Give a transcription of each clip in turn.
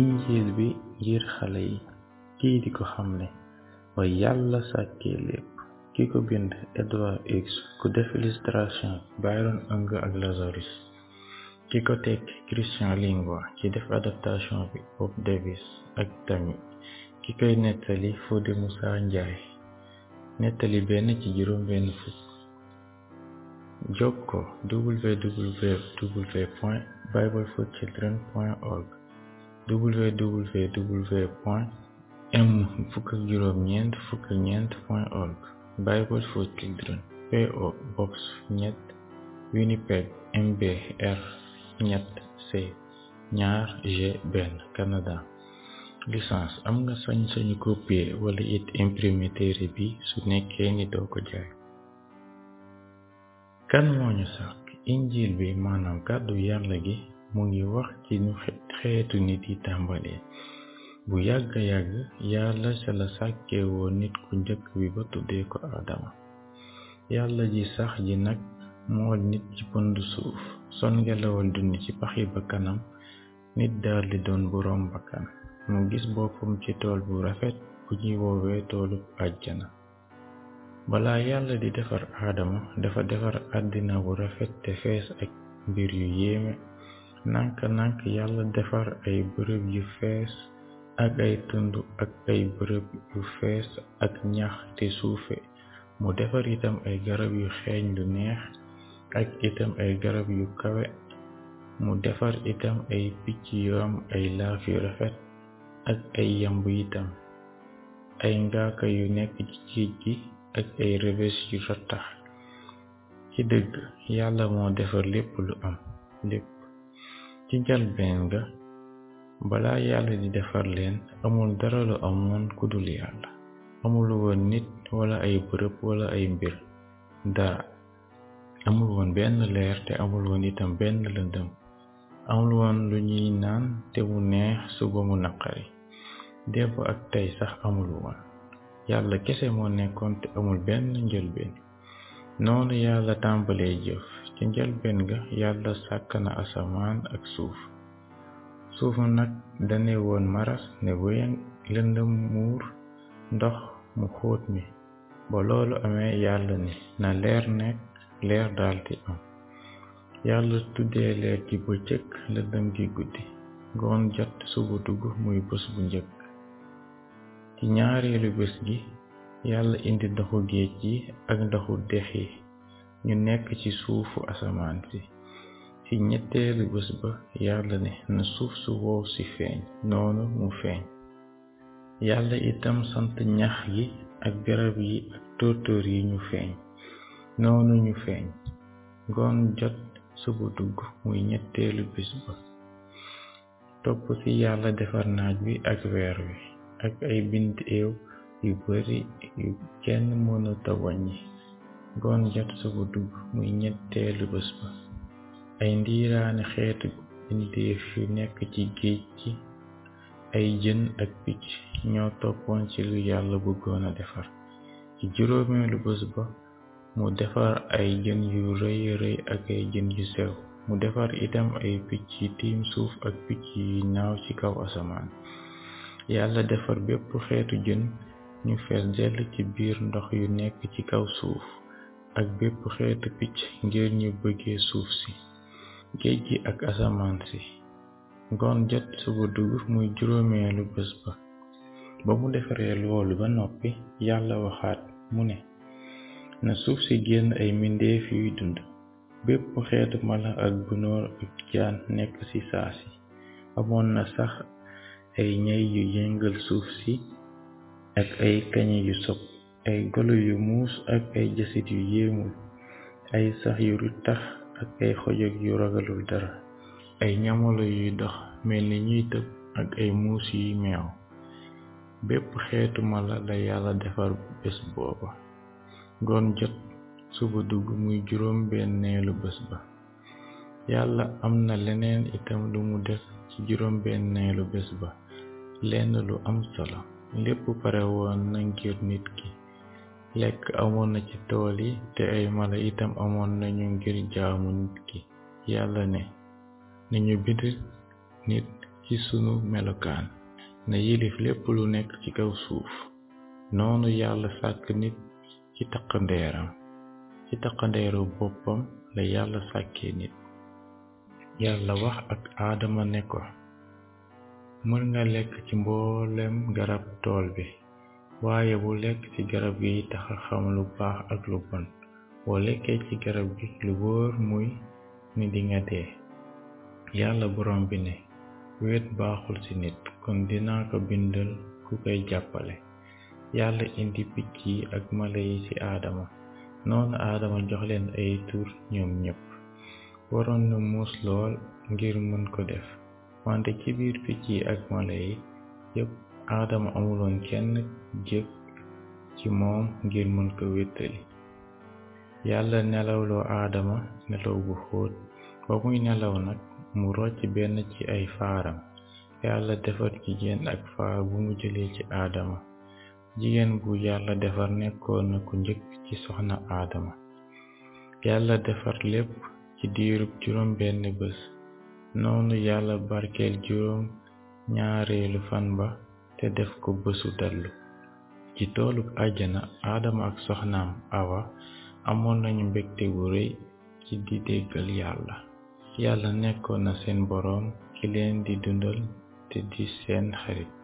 injiil bi ngir xale yi kii di ko xamle mooy yàlla sàkkee lépp ki ko bind edward hughes ku def illustration byron ang ak lazarus ki ko tekk christian lingua ci def adaptation bi bob davis ak tammi ki koy nettali fodé musa njaay nettali benn ci juróom benn fukk jokkoo www point bibleforchildren point org wwwm fukk ak juroom ñeent Bible for Children P.O. Box Winnipeg mb r Canada lisans am nga sañ-sañu copier wala it imprimer téere bi su nekkee ni doo ko jaay kan moo ñu sàkk injiil bi maanaam kàddu yàlla gi mu ngi wax ci nu xeetu nit yi tàmbalee bu yàgga yàgg yàlla ca la sàkkee woon nit ku njëkk bi ba tuddee ko aadama yàlla ji sax ji nag mool nit ci pënd suuf son ngelawal dund ci paxi kanam nit daldi doon boroom bakkan mu gis boppam ci tool bu rafet bu ñuy woowee toolub àjjana balaa yàlla di defar aadama dafa defar àddina bu rafet te fees ak mbir yu yéeme nànk nànk yàlla defar ay bërëb yu fees ak ay tund ak ay bërëb yu fees ak ñax te suufe mu defar itam ay garab yu xeeñ lu neex ak itam ay garab yu kawe mu defar itam ay picc yu am ay laaf yu rafet ak ay yamb itam ay ngaaka yu nekk ci géej gi ak ay rëbës yu rattax ci dëgg yàlla moo defar lépp lu am lépp ci njalbeen ga balaa yàlla di defar leen amul dara lu amoon ku dul yàlla amul woon nit wala ay bërëb wala ay mbir dara amul woon benn leer te amul woon itam benn lëndëm amul woon lu ñuy naan te mu neex suba mu naqari démb ak tey sax amul woon yàlla kese moo nekkoon te amul benn njëlbeen noonu yàlla tàmbalee jëf ca njëlbéen ga yàlla sàkk na asamaan ak suuf suuf nag dane woon maras ne wéyang lëndëm muur ndox mu xóot mi ba loolu amee yàlla ni na leer nekk leer daldi am yàlla tuddee leer gi bëccëg lëndëm gi guddi ngoon jot suba dugg muy bés bu njëkk ci ñaareelu bés gi yàlla indi ndoxu géej gi ak ndoxu dex yi ñu nekk ci suufu asamaan si ci ñetteelu bés ba yàlla ne na suuf su wow si feeñ noonu mu feeñ yàlla itam sant ñax yi ak garab yi ak tóortóor yi ñu feeñ noonu ñu feeñ ngoon jot suba dugg muy ñetteelu bés ba topp ci yàlla defar naaj bi ak weer wi ak ay bind eew yu bari yu kenn mënuta yi ngoon jot sogo dugg muy ñetteelu bés ba ay ndiiraane xeetu bindeef yu nekk ci géej gi ay jën ak picc ñoo toppoon ci lu yàlla bëggoon a defar ci juróomeelu bés ba mu defar ay jën yu rëy rëy ak ay jën yu sew mu defar itam ay picc yi tiim suuf ak picc yi naaw ci kaw asamaan yàlla defar bépp xeetu jën ñu fees dell ci biir ndox yu nekk ci kaw suuf ak bépp xeetu picc ngir ñu bëggee suuf si géej gi ak asamaan si ngoon jot suba dugg muy juróomeelu bés ba ba mu defaree loolu ba noppi yàlla waxaat mu ne na suuf si génn ay mbindeef yuy dund bépp xeetu mala ak gunóor ak jaan nekk ci saa si amoon na sax ay ñay yu yëngal suuf si ak ay kañe yu sopp ay golo yu muus ak ay jasit yu yéemul ay sax yu rutax ak ay xojog yu ragalul dara ay ñamalo yuy dox melni ñuy tëb ak ay muus yuy meew bépp xeetu mala la yàlla defar bés booba ngoon jot suba dugg muy juróom benneelu bés ba yàlla am na leneen itam lu mu def ci juróom benneelu bés ba lenn lu am solo lépp pare woon na ngir nit ki lekk amoon na ci tool yi te ay mala itam amoon nañu ngir jaamu ki yàlla ne nañu bind nit ci sunu melokaan na yilif lépp lu nekk ci kaw suuf noonu yàlla sàkk nit ci taqandeeram ci taqandeeru boppam la yàlla sàkkee nit yàlla wax ak aadama ne ko mën nga lekk ci mboolem garab tool bi waaye bu lekk ci garab gi taxa xam lu baax ak lu bon boo lekkee ci garab gi lu wóor muy ni dinga dee yàlla borom bi ne wéet baaxul ci nit kon dinaa ko bindal ku koy jàppale yàlla indi picc yi ak mala yi ci aadama noonu aadama jox leen ay tur ñoom ñépp waroon na muus lool ngir mën ko def wante ci biir picc yi ak mala yi yépp aadama amuloon kenn jëkk ci moom ngir mën ko wéttali yàlla nelawloo aadama nelaw bu xóot ba muy nelaw nag mu rocc benn ci ay faaram yàlla defar jigéen ak faar bu mu jëlee ci aadama jigéen bu yàlla defar nekkoon na ku njëkk ci soxna aadama yàlla defar lépp ci diirub juróom benn bés noonu yàlla barkeel juróom ñaareelu fan ba te def ko bésu dallu ci toolub àjjana aadama ak soxnaam awa amoon nañu mbégte bu rëy ci di déggal yàlla yàlla nekkoon na seen boroom ki leen di dundal te di seen xarit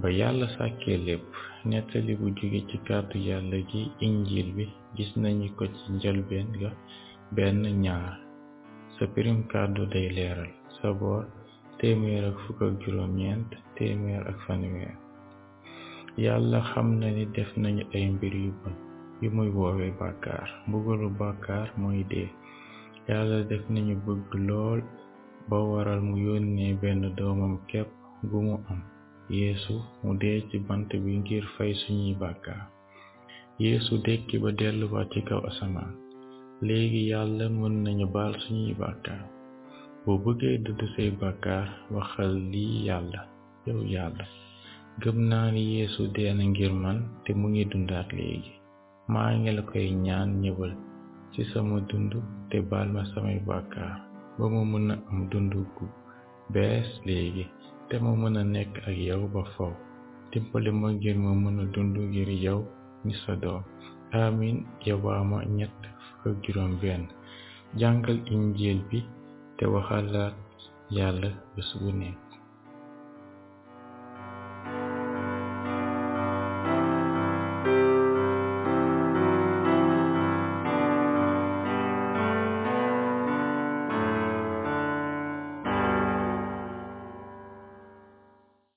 ba yàlla sàkkee lépp nettali bu jóge ci kàddu yàlla gi injiil bi gis nañu ko ci njëlbeen ga benn ñaar sa pirim kàddu day leeral sa boor téeméer ak fukk yàlla xam na ni def nañu ay mbir yu bon yu muy woowee bàkkaar mbugalu bàkkaar mooy dee yàlla def nañu bëgg lool ba waral mu yónnee benn doomam képp bu mu am yeesu mu dee ci bant bi ngir fay suñuy bàkkaar yeesu dekki ba delluwaat ci kaw asamaan léegi yàlla mën nañu baal suñuy bàkkaar boo bëggee dëdd say bàkkaar waxal lii yàlla yow yàlla gëm naa ni yéesu dee ngir man te mu ngi dundaat léegi maa ngi la koy ñaan ñëwal ci sama dund te baal samay bàkkaar ba ma mën a am dund gu bees léegi te ma mën a nekk ak yow ba faw dimbali ma ngir ma mën a dund ngir yow ni sa doom amin yabaama ñett fukk ak juróom benn jàngal injil bi te waxalaat yàlla bés bu nekk